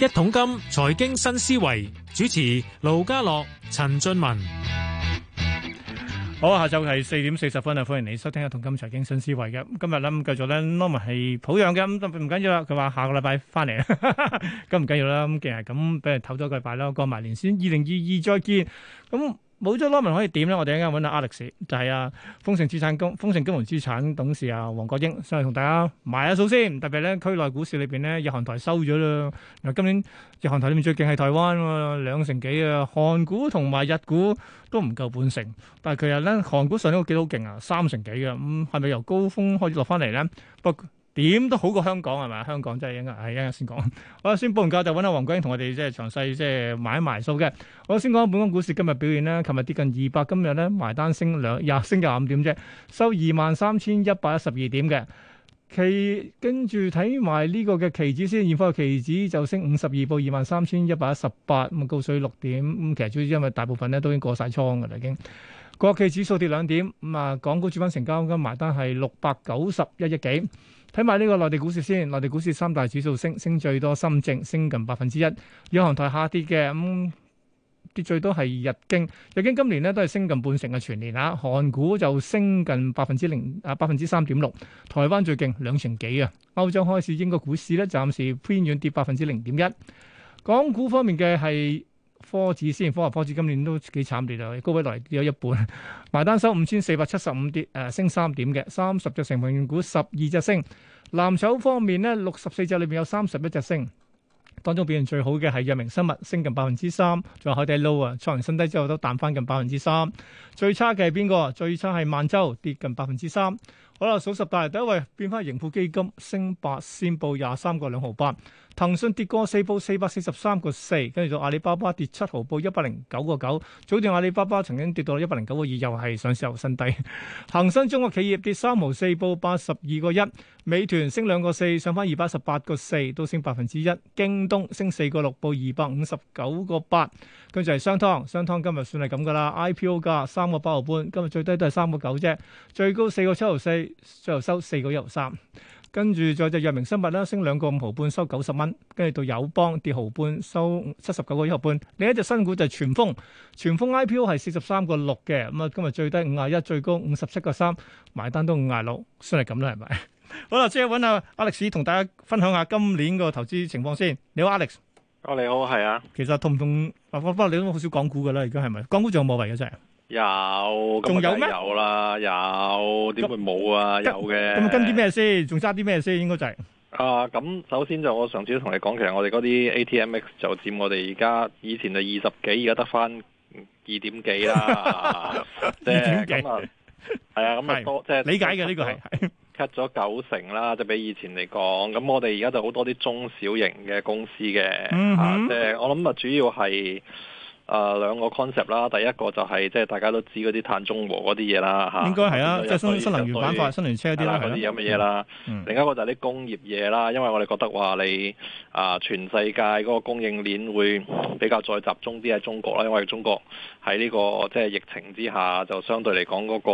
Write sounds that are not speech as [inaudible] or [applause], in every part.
一桶金財經新思維，主持盧家樂、陳俊文，好啊，下晝係四點四十分啊，歡迎你收聽一桶金財經新思維嘅今日咧，繼續咧，moment 係保養嘅咁，唔緊要啦。佢話下個禮拜翻嚟，咁唔緊要啦。咁既然咁俾人唞咗個禮拜啦，過埋年先，二零二二再見咁。冇咗羅文可以點咧？我哋一陣間揾阿 Alex，就係啊，豐盛資產公豐盛金融資產董事啊，黃國英，先嚟同大家埋下數先。特別咧，區內股市裏邊咧，日韓台收咗啦。嗱，今年日韓台裏面最勁係台灣喎，兩成幾啊。韓股同埋日股都唔夠半成，但係其實咧，韓股上週幾好勁啊，三成幾嘅。咁係咪由高峯開始落翻嚟咧？不過？點都好過香港係咪？香港真係應該係一陣先講。我先報完價就揾阿黃國英同我哋即係詳細即係買埋數嘅。我先講下本港股市今日表現咧，琴日跌近二百，今日咧埋單升兩廿升廿五點啫，收二萬三千一百一十二點嘅。期跟住睇埋呢個嘅期指先，現貨期指就升五十二報二萬三千一百一十八，咁啊高水六點。咁其實主要因為大部分咧都已經過晒倉噶啦，已經。國企指數跌兩點，咁、嗯、啊，港股主板成交金埋單係六百九十一億幾。睇埋呢個內地股市先，內地股市三大指數升，升最多深證升近百分之一，行台下跌嘅，咁、嗯、跌最多係日經，日經今年咧都係升近半成嘅全年嚇，韓股就升近百分之零啊，百分之三點六，台灣最勁兩成幾啊。歐洲開市，英國股市咧暫時偏軟，跌百分之零點一。港股方面嘅係。科指先，科合科指今年都幾慘跌啊！高位落嚟跌咗一半，埋單收五千四百七十五跌誒、呃、升三點嘅，三十隻成分股十二隻升。藍籌方面咧，六十四隻裏邊有三十一隻升，當中表現最好嘅係藥明生物，升近百分之三，仲有海底撈啊，創完新低之後都彈翻近百分之三。最差嘅係邊個？最差係萬洲，跌近百分之三。好啦，數十大，第一位變翻盈富基金，升八仙報廿三個兩毫八。騰訊跌過四報四百四十三個四，跟住就阿里巴巴跌七毫報一百零九個九。早段阿里巴巴曾經跌到一百零九個二，又係上市後新低。恒生中國企業跌三毫四報八十二個一。美團升兩個四，上翻二百一十八個四，都升百分之一。京東升四個六報二百五十九個八，跟住係商湯，商湯今日算係咁噶啦，IPO 價三個八毫半，今日最低都係三個九啫，最高四個七毫四。最後收四個一毫三，跟住再隻藥明生物啦，升兩個五毫半，收九十蚊。跟住到友邦跌毫半，收七十九個一毫半。另一隻新股就係全峰，全峰 IPO 係四十三個六嘅。咁啊，今日最低五廿一，最高五十七個三，埋單都五廿六，算係咁啦，係咪？好啦，即係揾下 Alex 同大家分享下今年個投資情況先。你好，Alex。哦，你好，係啊。其實痛唔痛？阿方方，你都好少講股噶啦，而家係咪？講股仲有冇位嘅啫？有，咁有咩？有啦，有，點會冇啊？有嘅，咁跟啲咩先？仲揸啲咩先？應該就係，啊，咁首先就我上次都同你講，其實我哋嗰啲 ATMX 就佔我哋而家以前就二十幾，而家得翻二點幾啦。二 [laughs] 即點幾？係啊，咁啊多，是即係理解嘅呢即個係 cut 咗九成啦， [laughs] 就比以前嚟講。咁我哋而家就好多啲中小型嘅公司嘅，mm hmm. 啊，即係我諗啊，主要係。誒、呃、兩個 concept 啦，第一個就係、是、即係大家都知嗰啲碳中和嗰啲嘢啦嚇，應該係啊。即係、啊、新能源板塊、新能源車啲啦，嗰啲噉嘅嘢啦。嗯、另一個就係啲工業嘢啦，因為我哋覺得話你啊、呃、全世界嗰個供應鏈會比較再集中啲喺中國啦，因為中國喺呢、這個即係、就是、疫情之下就相對嚟講嗰個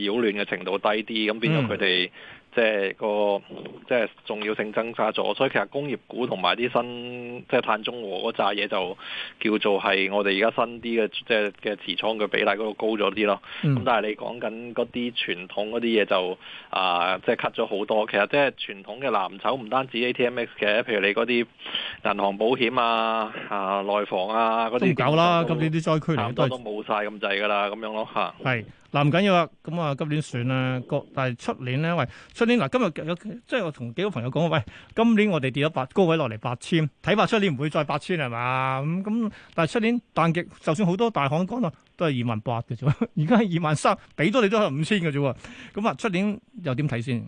擾亂嘅程度低啲，咁、嗯、變咗佢哋。即係個即係、就是、重要性增加咗，所以其實工業股同埋啲新即係、就是、碳中和嗰扎嘢就叫做係我哋而家新啲嘅即係嘅持倉嘅比例嗰度高咗啲咯。咁、嗯、但係你講緊嗰啲傳統嗰啲嘢就啊，即、呃、係、就是、cut 咗好多。其實即係傳統嘅藍籌唔單止 ATMX 嘅，譬如你嗰啲銀行、保險啊、啊內房啊嗰啲都唔搞啦。咁呢啲災區嚟都都冇晒咁滯㗎啦，咁樣，樣咯嚇。係。嗱唔緊要啊，咁啊今年算啦，但係出年咧，喂，出年嗱、啊、今日有、啊、即係我同幾個朋友講，喂，今年我哋跌咗八高位落嚟八千，睇怕出年唔會再八千係嘛？咁、嗯、咁，但係出年但係就算好多大行講啦，都係二萬八嘅啫，而家係二萬三，俾咗你都係五千嘅啫喎，咁啊出年又點睇先？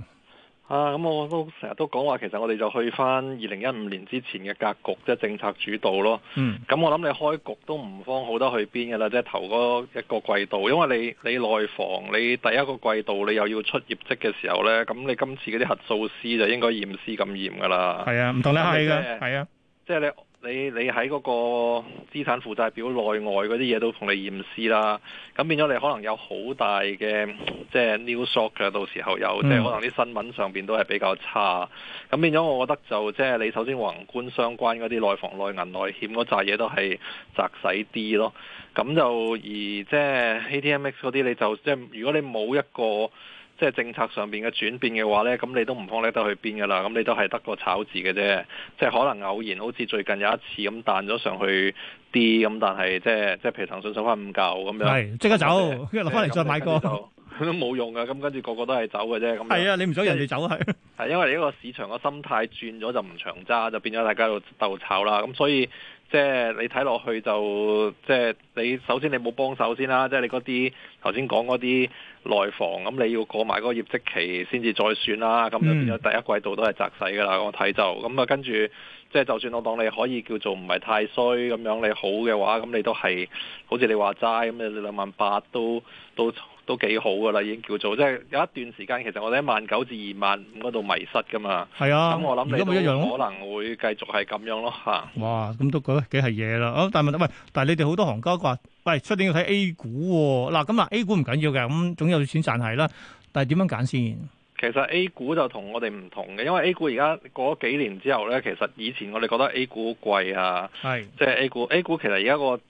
啊，咁我都成日都講話，其實我哋就去返二零一五年之前嘅格局，即係政策主導咯。嗯，咁我諗你開局都唔慌好得去邊㗎啦，即係頭嗰一個季度，嗯嗯、因為你你內房你第一個季度你又要出業績嘅時候咧，咁你今次嗰啲核數師就應該驗屍咁驗噶啦。係啊，唔同你係嘅，係、就是、啊，即係你。你你喺嗰個資產負債表內外嗰啲嘢都同你驗屍啦，咁變咗你可能有好大嘅即係 new shock 嘅，到時候有即係可能啲新聞上面都係比較差，咁變咗我覺得就即係你首先宏觀相關嗰啲內房內銀內險嗰扎嘢都係窄使啲咯，咁就而即係 ATMX 嗰啲你就即係如果你冇一個。即係政策上邊嘅轉變嘅話咧，咁你都唔放得去邊噶啦，咁你都係得個炒字嘅啫。即係可能偶然，好似最近有一次咁彈咗上去啲，咁但係即係即係譬如騰訊收翻五嚿咁樣，係即刻走，嗯、跟住落翻嚟再買個，都冇用嘅。咁跟住個個都係走嘅啫。係啊，你唔想人哋走係？係、就係、 [laughs] 因為呢個市場嘅心態轉咗就唔長揸，就變咗大家喺度鬥炒啦。咁所以即係你睇落去就即係你首先你冇幫手先啦，即係你嗰啲頭先講嗰啲。內房，咁你要過埋嗰個業績期先至再算啦，咁就變咗第一季度都係窄勢㗎啦。我睇就咁啊，跟住即係就算我當你可以叫做唔係太衰咁樣，你好嘅話，咁你都係好似你話齋咁，你兩萬八都都。都都幾好㗎喇，已經叫做即係有一段時間，其實我哋一萬九至二萬五嗰度迷失㗎嘛。係啊，咁、嗯、我諗你都一樣、啊、可能會繼續係咁樣咯吓，哇，咁都覺得幾係嘢啦。啊，但係問唔喂，但係你哋好多行家話，喂，出年要睇 A 股喎、哦。嗱、啊，咁啊，啊，啊 A 股唔緊要嘅，咁總有錢賺係啦。但係點樣揀先？其實 A 股就我同我哋唔同嘅，因為 A 股而家過咗幾年之後咧，其實以前我哋覺得 A 股貴啊，係即係 A 股，A 股其實而家、個。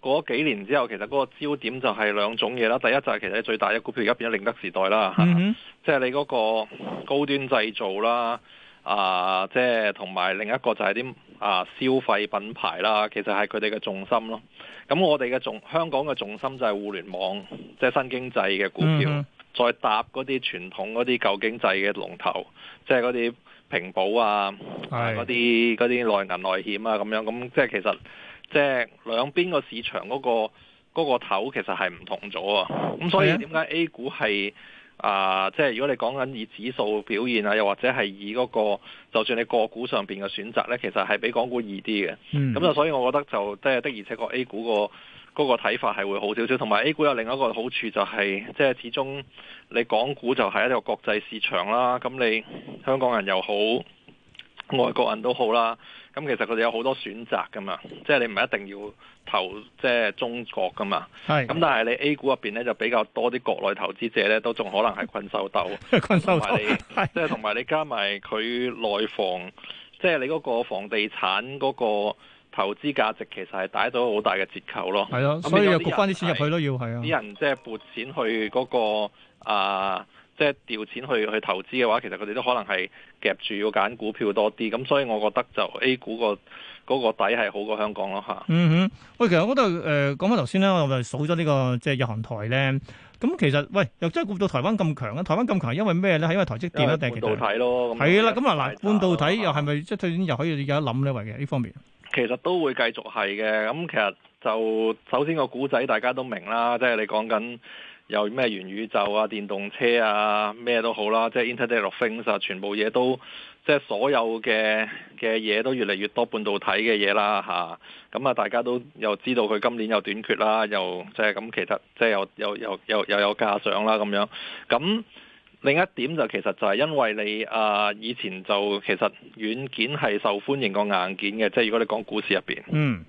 過咗幾年之後，其實嗰個焦點就係兩種嘢啦。第一就係其實最大嘅股票而家變咗寧德時代啦，即係、mm hmm. 啊就係、你嗰個高端製造啦，啊，即係同埋另一個就係啲啊消費品牌啦，其實係佢哋嘅重心咯。咁我哋嘅重香港嘅重心就係互聯網，即、就、係、係、新經濟嘅股票，mm hmm. 再搭嗰啲傳統嗰啲舊經濟嘅龍頭，即係嗰啲平保啊，嗰啲啲內銀內險啊咁樣，咁即係其實。即係兩邊個市場嗰、那個嗰、那個、頭其實係唔同咗啊，咁所以點解 A 股係啊、呃？即係如果你講緊以指數表現啊，又或者係以嗰、那個就算你個股上邊嘅選擇呢，其實係比港股易啲嘅。咁、嗯、就所以，我覺得就即係、就是、的而且確 A 股、那個嗰個睇法係會好少少，同埋 A 股有另一個好處就係、是、即係始終你港股就係一個國際市場啦，咁你香港人又好，外國人都好啦，咁其實佢哋有好多選擇噶嘛，即係你唔係一定要投即係中國噶嘛。係是，咁但係你 A 股入邊咧就比較多啲國內投資者咧，都仲可能係困獸鬥，困埋 [laughs] 豆你，即係同埋你加埋佢內房，即、就、係、是、你嗰個房地產嗰個投資價值，其實係打到好大嘅折扣咯。係咯、啊，所以又撥翻啲錢入去咯，要係啊，啲人即係撥錢去嗰、那個啊。即係調錢去去投資嘅話，其實佢哋都可能係夾住要揀股票多啲，咁所以我覺得就 A 股、個嗰個底係好過香港咯嚇。嗯哼，喂，其實我覺得誒講翻頭先咧，我哋數咗呢、呢個即係、就是、日韓台咧。咁其實喂，又真係估到台灣咁強嘅，台灣咁強係因為咩咧？係因為台積電啊定係半導體咯？係啦，咁啊嗱，半導體又係咪即係最緊又可以有得諗呢位嘅呢方面，其實都會繼續係嘅。咁其實就首先個故仔大家都明啦，即係你講緊。又咩元宇宙啊、電動車啊，咩都好啦，即係 Internet of Things、啊、全部嘢都即係所有嘅嘅嘢都越嚟越多半導體嘅嘢啦。吓、啊，咁啊、啊，大家都又知道佢今年又短缺啦，又即係咁、嗯，其實即係又又又又又有加上啦。咁樣咁、啊、另一點就其實就係因為你啊，以前就其實軟件係受歡迎過硬件嘅，即係如果你講股市入邊，嗯，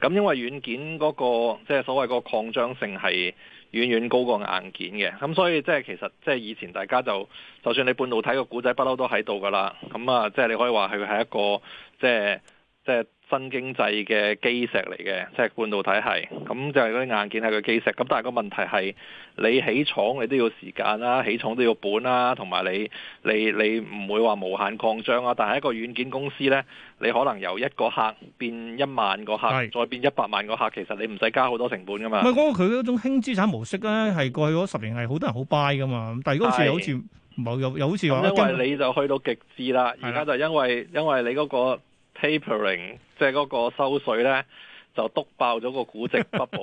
咁因為軟件嗰、嗰個即係所謂嗰個擴張性係。遠遠高過硬件嘅，咁所以即係其實即係以前大家就，就算你半導體個古仔不嬲都喺度噶啦，咁啊即係你可以話係係一個即係。就是即係新經濟嘅基石嚟嘅，即係半導體系。咁就係嗰啲硬件係佢基石。咁但係個問題係，你起廠你都要時間啦，起廠都要本啦，同埋你你你唔會話無限擴張啊。但係一個軟件公司咧，你可能由一個客變一萬個客，是再變一百萬個客，其實你唔使加好多成本噶嘛。唔係講過佢嗰種輕資產模式咧，係過去嗰十年係好多人好 buy 噶嘛。但係嗰時好似冇又又好似話是因為你就去到極致啦，而家的就因為因為你嗰、嗰個。Tapering 即係嗰個收水呢，就篤爆咗個估值不保，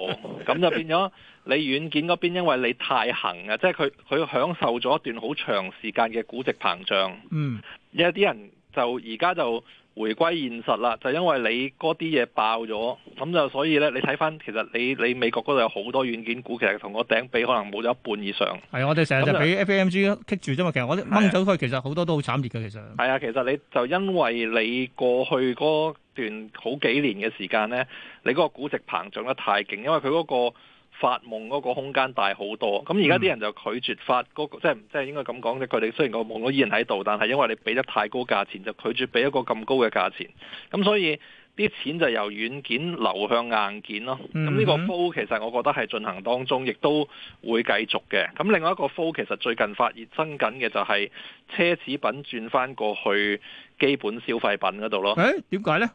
咁 [laughs] 就變咗你軟件嗰邊，因為你太行啊，即係佢佢享受咗一段好長時間嘅估值膨脹，嗯， [laughs] 有啲人就而家就。回歸現實啦，就因為你嗰啲嘢爆咗，咁就所以咧，你睇翻，其實你你美國嗰度有好多軟件股，其實同個頂比可能冇咗一半以上。係啊，我哋成日就俾 FAMG 棘住啫嘛。其實我掹走佢的，其實好多都好慘烈嘅。其實係啊，其實你就因為你過去嗰段好幾年嘅時間咧，你嗰個估值膨脹得太勁，因為佢嗰個。發夢嗰個空間大好多，咁而家啲人就拒絕發嗰、嗯、即係即係應該咁講，即佢哋雖然個夢都依然喺度，但係因為你俾得太高價錢，就拒絕俾一個咁高嘅價錢，咁所以啲錢就由軟件流向硬件咯。咁呢個 flow 其實我覺得係進行當中，亦都會繼續嘅。咁另外一個 flow 其實最近發熱增緊嘅就係奢侈品轉翻過去基本消費品嗰度咯。誒點解呢？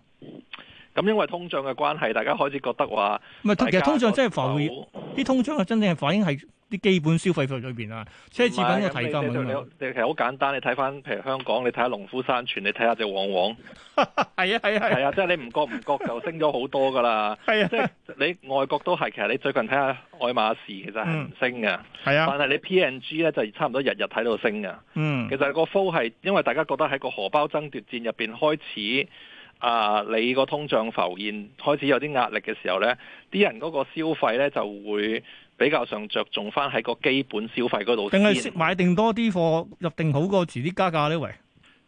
咁因為通脹嘅關係，大家開始覺得話唔係，其實通脹真係反映啲通脹嘅真正係反映喺啲基本消費費裏邊啊，奢侈品嘅係金。其實好簡單，你睇返譬如香港，你睇下農夫山泉，你睇下隻旺旺，係啊係啊係啊，即係你唔覺唔覺就升咗好多噶啦。係啊，即係你外國都係，其實你最近睇下愛馬仕其實係唔升嘅，係啊。但係你 P and G 咧就差唔多日日睇到升嘅，嗯的。其實個 full 係因為大家覺得喺個荷包爭奪，奪戰入邊開始。啊！你個通脹浮現開始有啲壓力嘅時候，呢啲人嗰個消費呢，就會比較上着重翻喺個基本消費嗰度先。定係買定多啲貨入定好過遲啲加價呢？喂，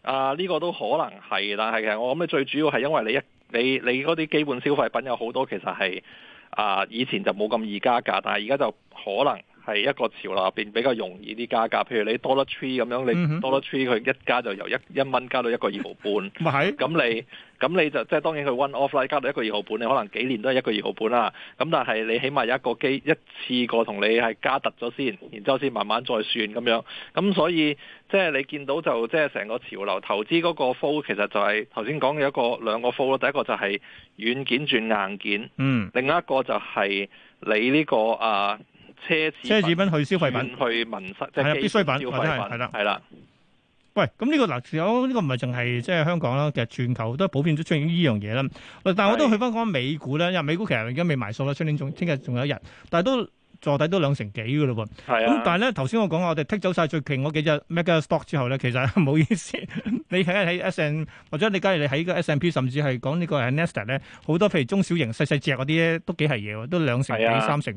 啊，呢個都可能係，但係其實我諗最主要係因為你一你你嗰啲基本消費品有好多其實係啊，以前就冇咁易加價，但係而家就可能。係一個潮流入邊比較容易啲加價，譬如你 Dollar Tree 咁樣，你 Dollar Tree 佢一加就由一一蚊加到一個二毫半，咁 [laughs] 是你咁你就即係當然佢 One Offline 加到一個二毫半，你可能幾年都係一個二毫半啦。咁但係你起碼有一個機一次過同你係加突咗先，然之後先慢慢再算咁樣。咁所以即係、就是、你見到就即係成個潮流投資嗰個 fall 其實就係頭先講嘅一個兩個 fall 咯。第一個就係軟件轉硬件，另一個就係你呢、這個啊。奢侈品，去消費品，去民生，必需品係啦，係啦。的喂，咁呢、呢個嗱，有、呃、呢、呢個唔係淨係即係香港啦，其實全球都普遍都出現呢樣嘢啦。喂，但係我都去翻講美股啦，因為美股其實而家未埋數啦，出年仲聽日仲有一日，但係都。坐底都兩成幾嘅咯噃，咁、啊、但係咧頭先我講我哋剔走晒最勁嗰幾隻 mega stock 之後咧，其實唔好意思。你睇下喺 S n 或者你假如你喺個 S n P，甚至係講呢個係 Nestle 咧，好多譬如中小型細細隻嗰啲咧，都幾係嘢喎，都兩成幾三成。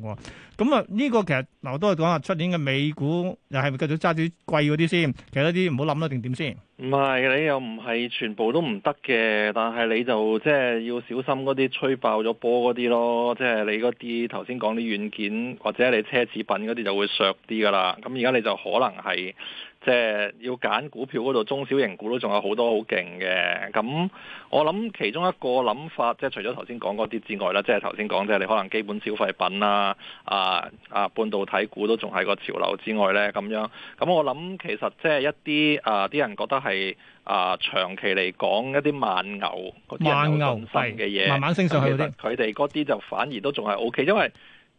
咁啊，呢個其實嗱我都係講下，出年嘅美股又係咪繼續揸住貴嗰啲先？其他啲唔好諗啦，定點先？唔係，你又唔係全部都唔得嘅，但係你就即係、就是、要小心嗰啲吹爆咗波嗰啲咯，即、就、係、是、你嗰啲頭先講啲軟件或者你奢侈品嗰啲就會削啲噶啦。咁而家你就可能係。即係要揀股票嗰度，中小型股都仲有好多好勁嘅。咁我諗其中一個諗法，即係除咗頭先講嗰啲之外啦，即係頭先講即係你可能基本消費品啦、啊、啊啊半導體股都仲係個潮流之外咧，咁樣。咁我諗其實即係一啲啊啲人覺得係啊長期嚟講一啲慢牛嗰啲嘢，慢慢升嘅嘢，慢慢升上去嗰啲，佢哋嗰啲就反而都仲係 O K。因為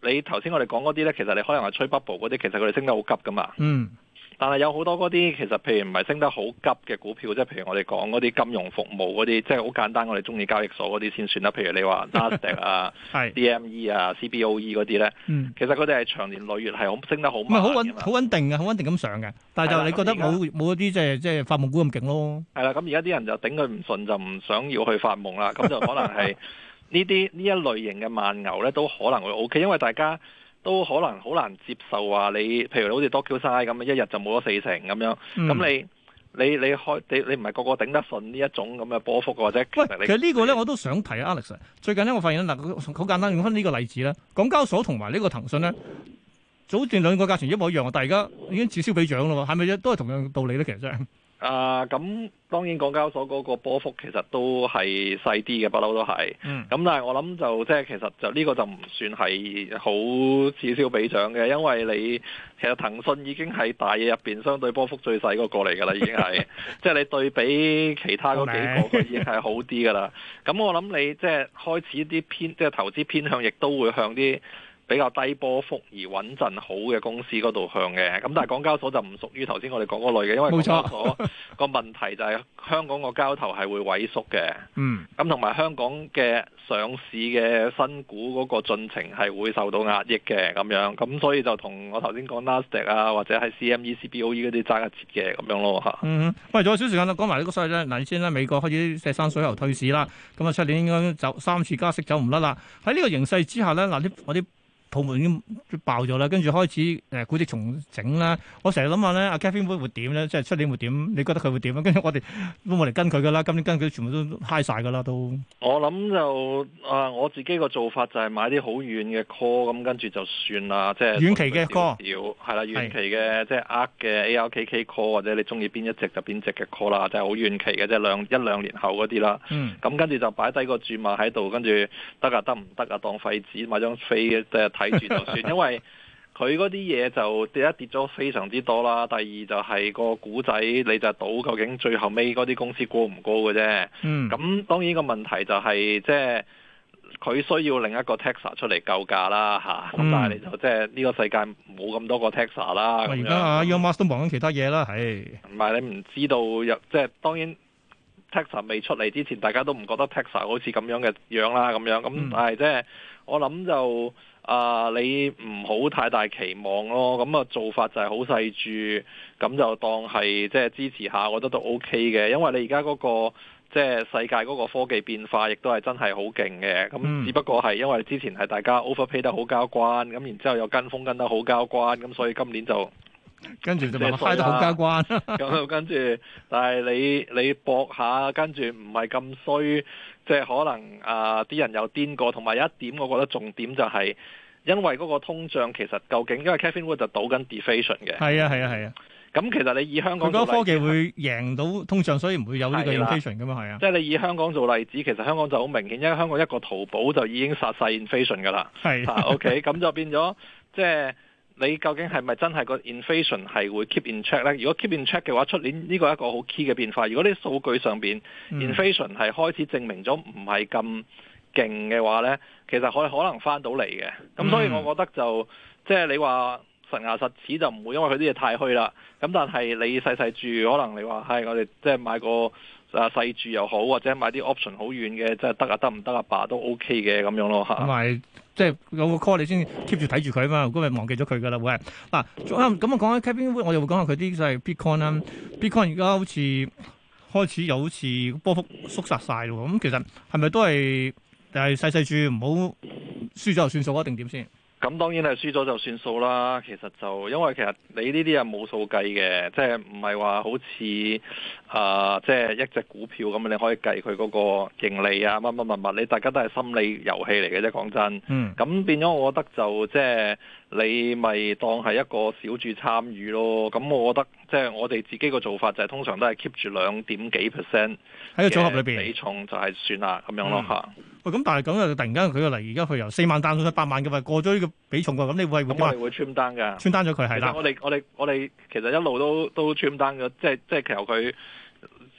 你頭先我哋講嗰啲咧，其實你可能係吹 bubble 嗰啲，其實佢哋升得好急噶嘛。嗯。但係有好多嗰啲其實譬，譬如唔係升得好急嘅股票，即係譬如我哋講嗰啲金融服務嗰啲，即係好簡單，我哋中意交易所嗰啲先算啦。譬如你話納德啊，係 [laughs] 是 DME 啊，CBOE 嗰啲咧，e 嗯、其實佢哋係長年累月係好升得好唔係好穩好穩定嘅，好穩定咁上嘅。但係就你覺得冇冇一啲即係即係發夢股咁勁咯？係啦，咁而家啲人就頂佢唔順，就唔想要去發夢啦。咁 [laughs] 就可能係呢啲呢一類型嘅慢牛咧，都可能會 O、OK, K，因為大家。都可能好難接受話，啊你，你，嗯、你，譬如好似多 Q e 咁，一日就冇咗四成咁樣。咁你你你開你你唔係個個頂得順呢一種咁嘅波幅嘅或者其實，其實個呢個咧我都想提，啊、Alex，最近咧我發現嗱，好、呃、簡單用翻呢個例子啦。港交所同埋呢個騰訊咧，早段兩個價錢一模一樣，但係而家已經悄悄俾漲咯喎，係咪都係同樣道理咧，其實真係。啊，咁、呃、當然港交所嗰個波幅其實都係細啲嘅，不嬲都係。嗯，咁但係我諗就即係其實就呢個就唔算係好此消彼長嘅，因為你其實騰訊已經係大嘢入邊相對波幅最細個嚟㗎啦，已經係。即係 [laughs] 你對比其他嗰幾個，佢已經係好啲㗎啦。咁 [laughs] 我諗你即係開始啲偏，即係投資偏向，亦都會向啲。比較低波幅而穩陣好嘅公司嗰度向嘅，咁但係港交所就唔屬於頭先我哋講嗰類嘅，因為港交所個問題就係香港個交投係會萎縮嘅。嗯。咁同埋香港嘅上市嘅新股嗰個進程係會受到壓抑嘅咁樣，咁所以就同我頭先講 NASDAQ 啊，或者係 CME、CBOE 嗰啲爭一截嘅咁樣咯嚇。嗯，喂，仲有少時間啦，講埋呢個衰咧。嗱，你先啦，美國開始石山水牛退市啦，咁啊，出年應該走三次加息走唔甩啦。喺呢個形勢之下咧，嗱啲我啲。泡沫已經爆咗啦，跟住開始誒估值重整啦、啊。我成日諗下咧，阿 Kevin 哥會點咧？即係出年會點？你覺得佢會點？跟住我哋都冇嚟跟佢噶啦。今年跟佢全部都嗨晒噶啦，都。我諗就啊，我自己個做法就係買啲好遠嘅 call，咁跟住就算啦。即係遠期嘅 call，係啦的，遠期嘅即係呃嘅 ARKK call，或者你中意邊一隻就邊隻嘅 call 啦，即係好遠期嘅，即係兩一兩年後嗰啲啦。嗯。咁跟住就擺低個注碼喺度，跟住得啊得唔得啊？當廢紙買張飛即係。睇住就算， [laughs] 因為佢嗰啲嘢就跌一跌咗非常之多啦。第二就係個股仔你就係賭究竟最後尾嗰啲公司高唔高嘅啫。嗯，咁當然個問題就係、是、即係佢需要另一個 taxa 出嚟救價啦嚇。咁、啊嗯、但係你就即係呢、這個世界冇咁多個 taxa 啦。咁而家啊，Umar 都樣、啊、忙緊其他嘢啦，係唔係你唔知道？又即係當然 taxa 未出嚟之前，大家都唔覺得 taxa 好似咁樣嘅樣啦咁樣。咁、嗯、但係即係我諗就。啊！Uh, 你唔好太大期望咯，咁、嗯、啊做法就係好細注，咁、嗯、就當係即係支持下，我覺得都 OK 嘅。因為你而家嗰個即係、就是、世界嗰個科技變化，亦都係真係好勁嘅。咁只不過係因為之前係大家 overpay 得好交關，咁然之後又跟風跟得好交關，咁所以今年就。跟住就咪得好交關、啊，咁、就是、跟住，但係你你搏下，跟住唔係咁衰，即、就、係、是、可能啊啲、呃、人又癲過，同埋有一點，我覺得重點就係，因為嗰個通脹其實究竟，因為 Cathie Wood 就賭緊 deflation 嘅。係啊係啊係啊，咁、啊啊啊、其實你以香港佢覺得科技會贏到通脹，所以唔會有呢個 inflation 噶嘛，係啊。即係、啊啊、你以香港做例子，其實香港就好明顯，因為香港一個淘寶就已經殺晒 inflation 噶啦。係、啊、OK，咁就變咗即係。你究竟係咪真係個 inflation 係會 keep in check 咧？如果 keep in check 嘅話，出年呢個係一個好 key 嘅變化。如果啲數據上邊、嗯、inflation 係開始證明咗唔係咁勁嘅話呢，其實可可能翻到嚟嘅。咁所以我覺得就即係、就是、你話神話實牙實齒就唔會，因為佢啲嘢太虛啦。咁但係你細細注，可能你話係我哋即係買個。啊，細注又好，或者買啲 option 好遠嘅，即係得啊，得唔得啊？爸都 OK 嘅咁樣咯嚇。同埋即係有個 call 你先 keep 住睇住佢吖嘛，如果咪忘記咗佢噶啦會。嗱咁啊，講開 cabin，我又會講下佢啲就係 bitcoin 啦。bitcoin 而家好似開始有好似波幅縮窄曬咯。咁其實係咪都係，但係細細注，唔好輸咗就算數一定點先？咁當然係輸咗就算數啦。其實就因為其實你呢啲係冇數計嘅，即係唔係話好似啊即係一隻股票咁樣，你可以計佢嗰個盈利啊乜乜乜乜，你大家都係心理遊戲嚟嘅啫，講真。嗯。咁變咗，我覺得就即係。就是你咪當係一個小注參與咯，咁、嗯、我覺得即係我哋自己個做法就係、是、通常都係 keep 住兩點幾 percent 喺個組合裏邊比重就係算下咁樣咯嚇。喂、嗯，咁但係咁又突然間佢又嚟，而家佢由四萬單到一百萬嘅咪過咗呢個比重喎，咁你會唔會會唔會 trim 單㗎？trim 單咗佢係啦。我哋我哋我哋其實一路都都 trim 單嘅，即係即係由佢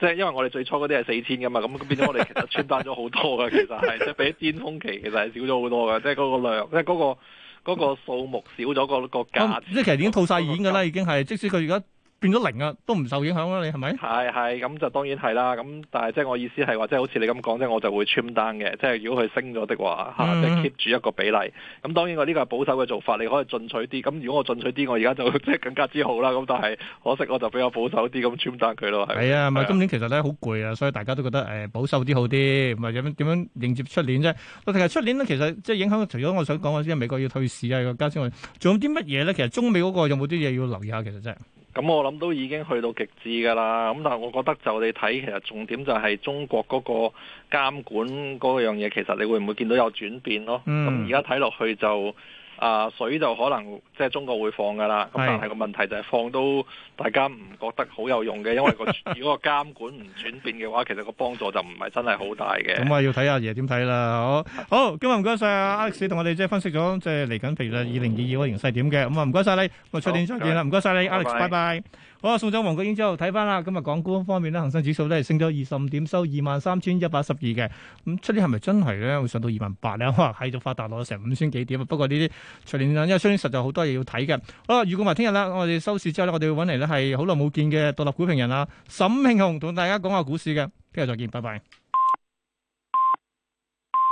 即係因為我哋最初嗰啲係四千嘅嘛，咁變咗我哋其實 trim 單咗好多嘅，其實係即係比巔峯期其實係少咗好多嘅，即係嗰個量，即係嗰、嗰個嗰個數目少咗個、嗰個價、嗯，即係其實已經套曬演噶啦，已經係即使佢而家。變咗零啊，都唔受影響咯。你係咪？係，係咁就當然係啦。咁但係即係我意思係話，即係好似你咁講，即係我就會穿單嘅。即係如果佢升咗的話吓，即係 keep 住一個比例。咁當然我呢個係保守嘅做法，你可以進取啲。咁如果我進取啲，我而家就即係更加之好啦。咁但係可惜我就比較保守啲，咁穿單佢咯，係。係啊，咪今年其實咧好攰啊，所以大家都覺得誒保守啲好啲，唔係點點樣迎接出年啫。特別出年咧，其實即係影響。除咗我想講嘅即係，美國要退市啊，又家添我仲有啲乜嘢咧？其實中美嗰個有冇啲嘢要留意下？其實真。咁我諗都已經去到極致㗎啦，咁但係我覺得就你睇，其實重點就係中國嗰個監管嗰樣嘢，其實你會唔會見到有轉變咯？咁而家睇落去就。啊，水就可能即係、就是、中國會放㗎啦。咁是但係個問題就係放都大家唔覺得好有用嘅，因為個 [laughs] 如果個監管唔轉變嘅話，其實個幫助就唔係真係好大嘅。咁啊、嗯，要睇阿爺點睇啦。好，好，今日唔該晒阿 Alex 同我哋即係分析咗即係嚟緊，譬如二零二二嗰個形勢點嘅。咁啊，唔該晒你，我出年再見啦。唔該晒你，Alex，拜拜。好啊，送走黃國英之後，睇翻啦。今日港股方面咧，恒生指數咧升咗二十五點，收二萬三千一百十二嘅。咁出年係咪真係咧會上到二萬八咧？可能係就發達落成五千幾點啊。不過呢啲隨年啊，因為出年實在好多嘢要睇嘅。好啊，預告埋聽日啦。我哋收市之後咧，我哋會揾嚟咧係好耐冇見嘅獨立股評人啊，沈慶雄同大家講下股市嘅。聽日再見，拜拜。